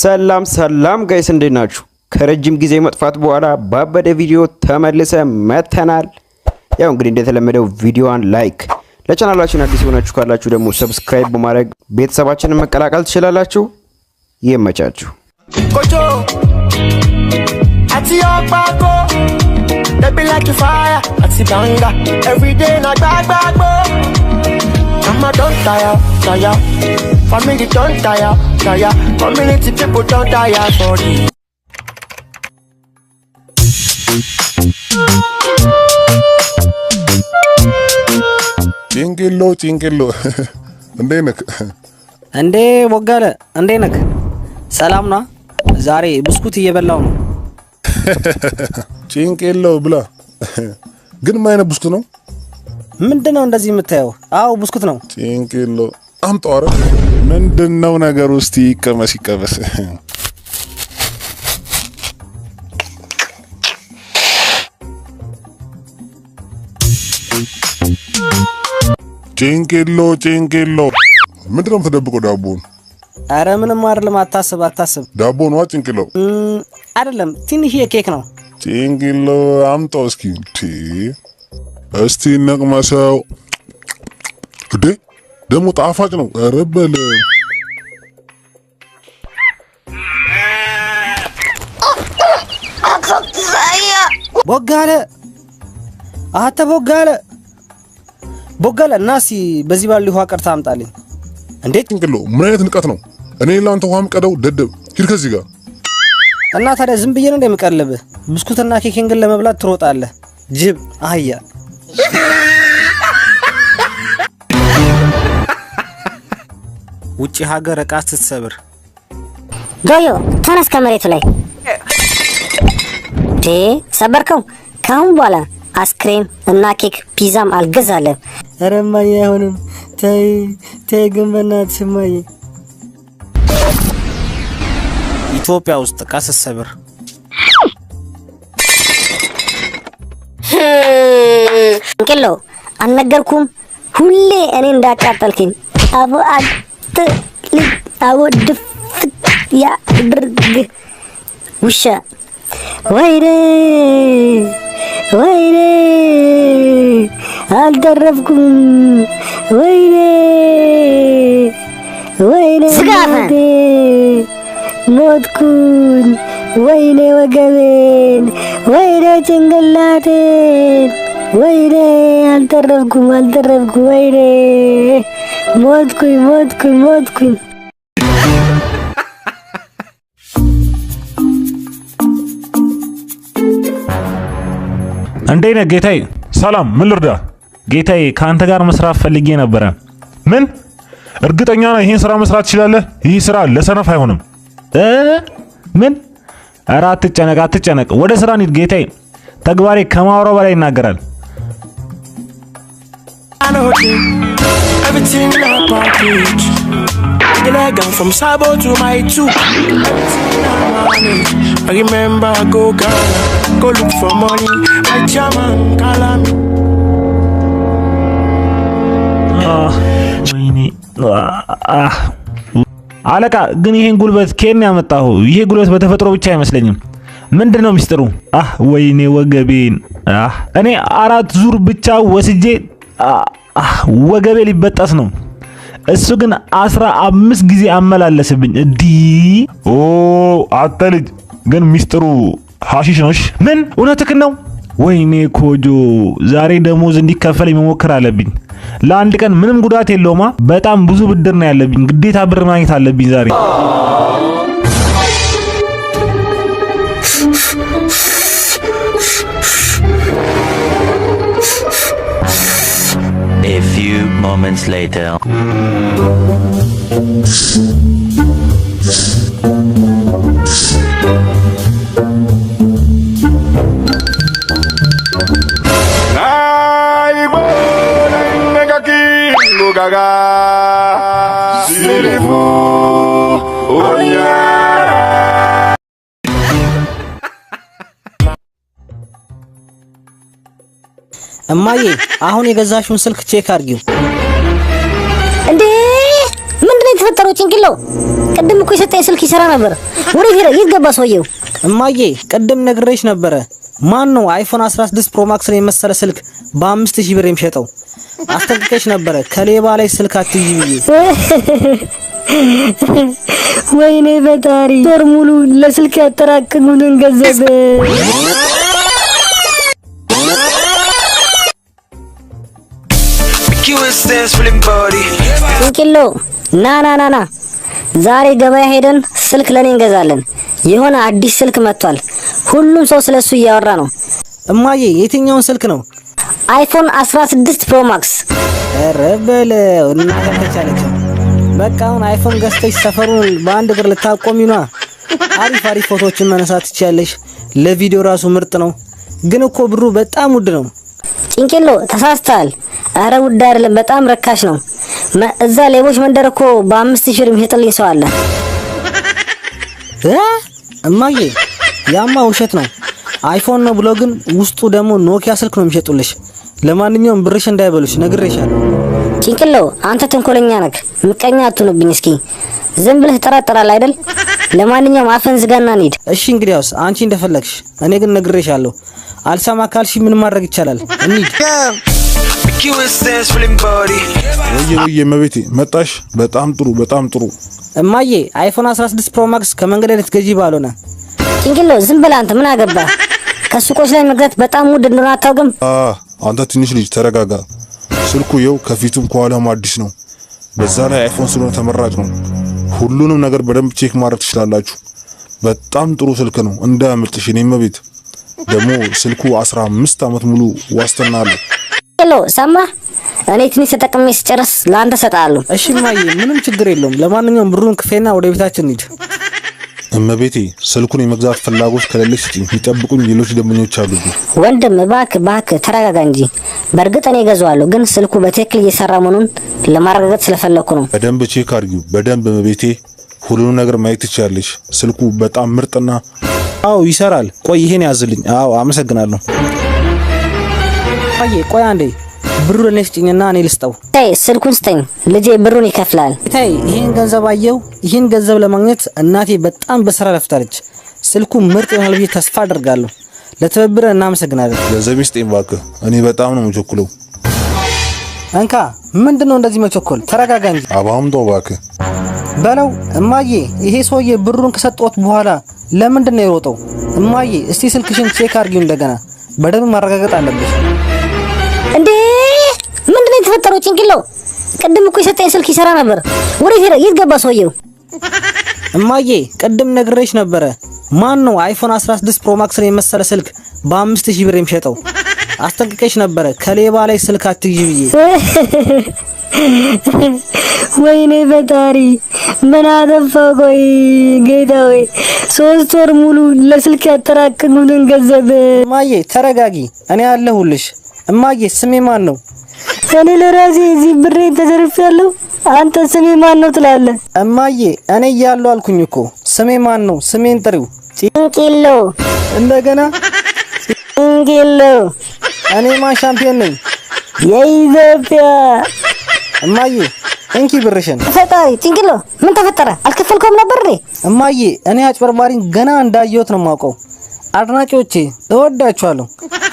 ሰላም ሰላም ጋይስ እንዴት ናችሁ? ከረጅም ጊዜ መጥፋት በኋላ ባበደ ቪዲዮ ተመልሰ መተናል። ያው እንግዲህ እንደተለመደው ቪዲዮዋን ላይክ፣ ለቻናላችን አዲስ የሆናችሁ ካላችሁ ደግሞ ሰብስክራይብ በማድረግ ቤተሰባችንን መቀላቀል ትችላላችሁ። ይመቻችሁ። ቆጮ Mama don't tire, tire. Family don't tire, tire. Community people don't tire for me. ጭንቅሎ ጭንቅሎ እንዴ ነክ እንዴ ቦጋለ እንዴ ነክ ሰላም ና። ዛሬ ብስኩት እየበላው ነው። ጭንቅሎ ብላ ግን ምን አይነት ብስኩት ነው? ምንድን ነው እንደዚህ የምታየው? አዎ ብስኩት ነው። ጤንቅሎ አምጣው። ኧረ ምንድን ነው ነገሩ? ይቀመስ ይቀመስ። ጭንቅሎ ጭንቅሎ፣ ምንድን ነው ዳቦን? አረ ምንም አይደለም፣ አታስብ አታስብ። ዳቦ ነዋ ጭንቅሎ። አይደለም ትንሽ የኬክ ነው ጭንቅሎ። አምጣው እስኪ እስቲ ነቅመሰው እዴ ደግሞ ጣፋጭ ነው። ኧረ በል ቦጋለ አተ ቦጋለ ቦጋለ እና በዚህ ባል ውሃ ቀርታ አምጣልኝ። እንዴት ጭንቅሎ ምን አይነት ንቀት ነው? እኔ ላንተ ውሃ ምቀደው ደደብ ሂድ ከዚህ ጋር እና ታዲያ ዝም ብዬ ነው እንደምቀልብህ? ብስኩትና ኬኪንግን ለመብላት ትሮጣለህ ጅብ አህያ ውጭ ሀገር እቃ ስትሰብር ጆዮ ተነስ ከመሬቱ ላይ ዴ ሰበርከው። ካሁን በኋላ አስክሬም እና ኬክ ፒዛም አልገዛለም። ኧረ እማዬ አይሆንም። ተይ ተይ፣ ግን በእናትሽ እማዬ። ኢትዮጵያ ውስጥ እቃ ስትሰብር እንቅለው አልነገርኩም። ሁሌ እኔ እንዳቃጠልክኝ አቦ አት ልጅ አቦ ድፍት ያድርግ ውሻ ወይኔ ወይኔ አልተረፍኩም። ወይኔ ወይኔ ሞትኩኝ። ወይኔ ወገቤን፣ ወይኔ ጭንቅላቴን ወይኔ አልተረፍኩም፣ አልተረፍኩም፣ ወይኔ ሞትኩኝ፣ ሞትኩኝ፣ ሞትኩኝ። እንዴት ነህ ጌታዬ? ሰላም፣ ምን ልርዳ ጌታዬ? ከአንተ ጋር መስራት ፈልጌ ነበረ። ምን? እርግጠኛ ነህ ይህን ስራ መስራት ትችላለህ? ይህ ስራ ለሰነፍ አይሆንም። ምን? ኧረ አትጨነቅ፣ አትጨነቅ። ወደ ስራ እንሂድ ጌታዬ። ተግባሬ ከማውራው በላይ ይናገራል። canopy. Everything I package. Elegant from Sabo to my two. I remember I go Ghana, go look for money. My chairman call me. አለቃ ግን ይሄን ጉልበት ከየት ነው ያመጣሁ? ይሄ ጉልበት በተፈጥሮ ብቻ አይመስለኝም። ምንድን ነው ሚስጥሩ? አህ ወይኔ ወገቤን! አህ እኔ አራት ዙር ብቻ ወስጄ ወገቤ ሊበጠስ ነው። እሱ ግን አስራ አምስት ጊዜ አመላለስብኝ። እዲ ኦ አተ ልጅ ግን ሚስጥሩ ሐሺሽ ነሽ? ምን እውነትህን ነው? ወይኔ ኮጆ ዛሬ ደሞዝ እንዲከፈለኝ መሞከር አለብኝ። ለአንድ ቀን ምንም ጉዳት የለውማ። በጣም ብዙ ብድር ነው ያለብኝ። ግዴታ ብር ማግኘት አለብኝ ዛሬ moments later. እማዬ አሁን የገዛሽውን ስልክ ቼክ አድርጊው። ነው ጭንቅላው። ቅድም እኮ የሰጠኝ ስልክ ይሰራ ነበር። ወዴት ሄደ? የት ገባ ሰውየው? እማዬ ቅድም ነግሬሽ ነበረ። ማን ነው አይፎን 16 ፕሮ ማክስን የመሰለ ስልክ በ5000 ብር የሚሸጠው? አስጠንቅቀሽ ነበረ ከሌባ ላይ ስልክ አትይዥ ብዬ። ወይኔ ፈጣሪ ዶር ሙሉ ለስልክ ያጠራቀሙንን ገንዘብ ጭንቅላው ና ና ና ና ዛሬ ገበያ ሄደን ስልክ ለኔ እንገዛለን። የሆነ አዲስ ስልክ መጥቷል። ሁሉም ሰው ስለሱ እያወራ ነው። እማዬ የትኛውን ስልክ ነው? አይፎን 16 ፕሮ ማክስ። ኧረ በለው እና ተቻለች። በቃ አሁን አይፎን ገዝተሽ ሰፈሩን በአንድ ብር ልታቆሚ ነዋ። አሪፍ አሪፍ ፎቶዎችን መነሳት ትችያለሽ። ለቪዲዮ ራሱ ምርጥ ነው። ግን እኮ ብሩ በጣም ውድ ነው። ጭንቄሎ ተሳስተሃል። አረ ውድ አይደለም፣ በጣም ረካሽ ነው። እዛ ሌቦች መንደር እኮ በአምስት ሺህ ብር የሚሸጥልኝ ሰው አለ። እማዬ ያማ ውሸት ነው፣ አይፎን ነው ብሎ ግን ውስጡ ደግሞ ኖኪያ ስልክ ነው የሚሸጡልሽ። ለማንኛውም ብርሽ እንዳይበሉሽ ነግሬሻለሁ። ጭንቅሎ አንተ ተንኮለኛ ነክ፣ ምቀኛ አትሁንብኝ። እስኪ ዝም ብለህ ትጠራጠራለህ አይደል? ለማንኛውም አፈን ዝጋና እንሂድ። እሺ እንግዲያውስ አንቺ እንደፈለግሽ፣ እኔ ግን ነግሬሻለሁ አልሰማ ካልሽ ምን ማድረግ ይቻላል? እንሂድ። ወየ መጣሽ። በጣም ጥሩ በጣም ጥሩ። እማዬ አይፎን 16 ፕሮ ማክስ ከመንገድ ገጂ ልትገዢ ባልሆነ ጭንቅሎ፣ ዝም ብለህ አንተ ምን አገባ። ከሱቆች ላይ መግዛት በጣም ውድ እንደሆነ አታውቅም? አንተ ትንሽ ልጅ ተረጋጋ። ስልኩ የው ከፊቱም ከኋላም አዲስ ነው። በዛ ላይ አይፎን ስለሆነ ተመራጭ ነው። ሁሉንም ነገር በደንብ ቼክ ማድረግ ትችላላችሁ። በጣም ጥሩ ስልክ ነው፣ እንዳያመልጥሽ። እኔ እመቤት ደግሞ ስልኩ 15 ዓመት ሙሉ ዋስትና አለ። ሄሎ ሰማ፣ እኔ ትንሽ ተጠቅሜ ስጨርስ ለአንተ እሰጥሃለሁ። እሺ ማየ፣ ምንም ችግር የለውም። ለማንኛውም ብሩን ክፈና ወደ ቤታችን እንሂድ። እመቤቴ፣ ስልኩን የመግዛት ፍላጎት ከሌለሽ ስጪኝ፣ ይጠብቁኝ፣ ሌሎች ደንበኞች አሉብኝ። ወንድም እባክህ ባክ ተረጋጋ እንጂ። በእርግጥ እኔ እገዛዋለሁ፣ ግን ስልኩ በትክክል እየሰራ መሆኑን ለማረጋገጥ ስለፈለኩ ነው። በደንብ ቼክ አድርጊው፣ በደንብ እመቤቴ። ሁሉንም ነገር ማየት ትችያለሽ። ስልኩ በጣም ምርጥና አዎ ይሰራል። ቆይ ይሄን ያዝልኝ። አዎ አመሰግናለሁ። ቆይ ቆይ አንዴ ብሩ ለኔ ስጭኝና እኔ ልስጠው። ተይ ስልኩን ስጠኝ፣ ልጄ ብሩን ይከፍላል። ተይ ይሄን ገንዘብ አየው። ይሄን ገንዘብ ለማግኘት እናቴ በጣም በስራ ለፍታለች። ስልኩ ምርጥ ይሆናል ብዬ ተስፋ አደርጋለሁ። ለትብብር እናመሰግናለን። ገንዘብ ስጠኝ እባክህ፣ እኔ በጣም ነው የምቸኩለው። እንካ። ምንድነው እንደዚህ መቸኮል? ተረጋጋ እንጂ አባም ተው እባክህ በለው። እማዬ ይሄ ሰውዬ ብሩን ከሰጠሁት በኋላ ለምንድን ነው የሮጠው? እማዬ እስቲ ስልክሽን ቼክ አድርጊው እንደገና በደንብ ማረጋገጥ አለብሽ። እንዴ ምንድን ነው የተፈጠረው? ጭንቅላው ቅድም እኮ የሰጠኝ ስልክ ይሰራ ነበር። ወዴት ሄደ? የት ገባ ሰውየው? እማዬ ቅድም ነግሬሽ ነበረ። ማን ነው አይፎን 16 ፕሮ ማክስን የመሰለ ስልክ በአምስት ሺህ ብር የሚሸጠው? አስጠንቅቀሽ ነበረ ከሌባ ላይ ስልክ አትይዥ ብዬ። ወይኔ ፈጣሪ ምን አጠፋው? ቆይ ጌታ ወይ ሶስት ወር ሙሉ ለስልክ ያጠራቅሙትን ገንዘብ። እማዬ ተረጋጊ፣ እኔ አለሁልሽ። እማዬ ስሜ ማን ነው? እኔ ለራሴ እዚህ ብሬ ያለው አንተ ስሜ ማን ነው ትላለ? እማዬ እኔ እያለሁ አልኩኝ እኮ ስሜ ማን ነው? ስሜን ጥሪው ጭሎ እንደገና ወንጌል ነው። እኔማ ሻምፒዮን ነኝ የኢትዮጵያ። እማዬ እንኪ ብርሽን። ፈጣሪ ጭንቅሎ ምን ተፈጠረ? አልከፈልከውም ነበር እማዬ እኔ አጭበርባሪን ገና እንዳየሁት ነው የማውቀው። አድናቂዎቼ እወዳችኋለሁ።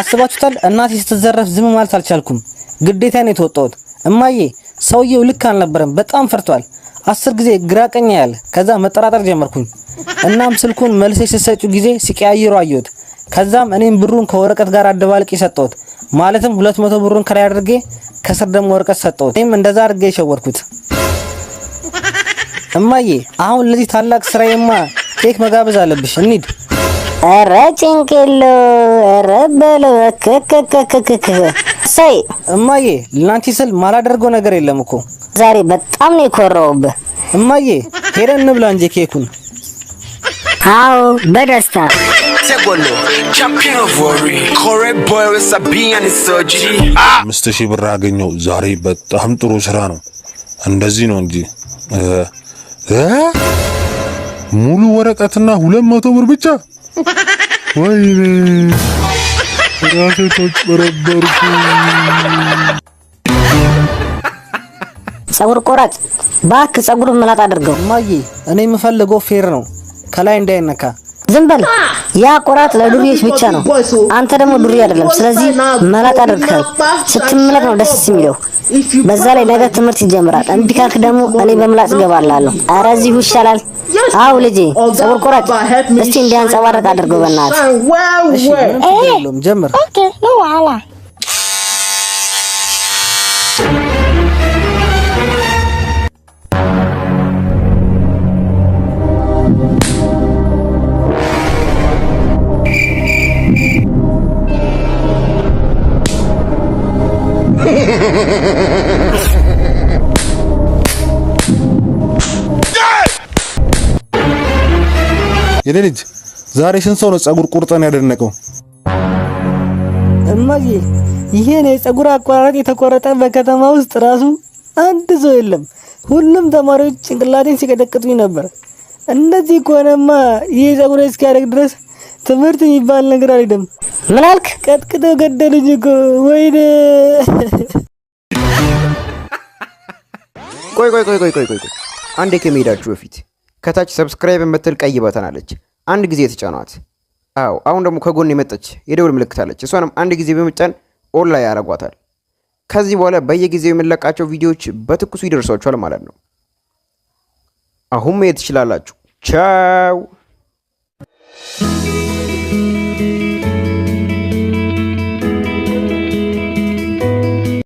አስባችሁታል? እናቴ ስትዘረፍ ዝም ማለት አልቻልኩም። ግዴታ ነው የተወጣሁት። እማዬ ሰውየው ልክ አልነበረም። በጣም ፈርቷል። አስር ጊዜ ግራ ቀኝ ያለ። ከዛ መጠራጠር ጀመርኩኝ። እናም ስልኩን መልሰሽ ስትሰጪው ጊዜ ሲቀያይሩ አየሁት። ከዛም እኔም ብሩን ከወረቀት ጋር አደባልቄ ሰጠሁት። ማለትም ሁለት መቶ ብሩን ከላይ አድርጌ ከስር ደግሞ ወረቀት ሰጠሁት። እኔም እንደዛ አድርጌ የሸወርኩት። እማዬ አሁን ለዚህ ታላቅ ስራዬማ ኬክ መጋበዝ አለብሽ። እንሂድ። ኧረ ጭንቅሎ ኧረ በለ ከከከከከ ሰይ እማዬ፣ ላንቺ ስል ማላደርገው ነገር የለም እኮ ዛሬ በጣም ነው የኮራውብህ። እማዬ ሄደን እንብላ እንጂ ኬኩን። አዎ በደስታ አምስት ሺህ ብር አገኘው ዛሬ። በጣም ጥሩ ስራ ነው። እንደዚህ ነው እንጂ ሙሉ ወረቀትና ሁለት መቶ ብር ብቻ። ወይኔ ራሴ ተጭበረበርኩ። ጸጉር ቆራጭ ባክ፣ ጸጉር ምላጥ አድርገው። እማዬ፣ እኔ የምፈልገው ፌር ነው፣ ከላይ እንዳይነካ ዝም በል። ያ ቆራት ለዱርዬዎች ብቻ ነው። አንተ ደግሞ ዱርዬ አይደለም። ስለዚህ መላጥ አድርገሃል። ስትመለጥ ነው ደስ የሚለው። በዛ ላይ ነገ ትምህርት ይጀምራል። እምቢ ካልክ ደግሞ እኔ በምላጭ እገባላለሁ። ኧረ እዚሁ ይሻላል። አው ልጄ ፀጉር ቆራጭ፣ እስቲ እንዲያንጸባረቅ አድርገው በእናትህ። እሺ ጀምር። ኦኬ ነው የኔ ልጅ ዛሬ ስንት ሰው ነው ጸጉር ቁርጠን ያደነቀው? እማዬ ይሄን የጸጉር አቆራረጥ የተቆረጠ በከተማ ውስጥ ራሱ አንድ ሰው የለም። ሁሉም ተማሪዎች ጭንቅላቴን ሲቀጠቅጡኝ ነበር። እንደዚህ ከሆነማ ይሄ ጸጉር እስኪያደግ ድረስ ትምህርት የሚባል ነገር አልሄድም። ምን አልክ? ቀጥቅጠው ገደሉኝ እኮ ወይኔ ቆይ ቆይ ቆይ ቆይ ቆይ አንዴ ከመሄዳችሁ በፊት ከታች ሰብስክራይብ የምትል ቀይ በተን አለች። አንድ ጊዜ የተጫኗት። አዎ አሁን ደግሞ ከጎን የመጣች የደውል ምልክት አለች። እሷንም አንድ ጊዜ በመጫን ኦንላይን ያደርጓታል። ከዚህ በኋላ በየጊዜው የምንለቃቸው ቪዲዮዎች በትኩሱ ይደርሷችኋል ማለት ነው። አሁን መሄድ ትችላላችሁ። ቻው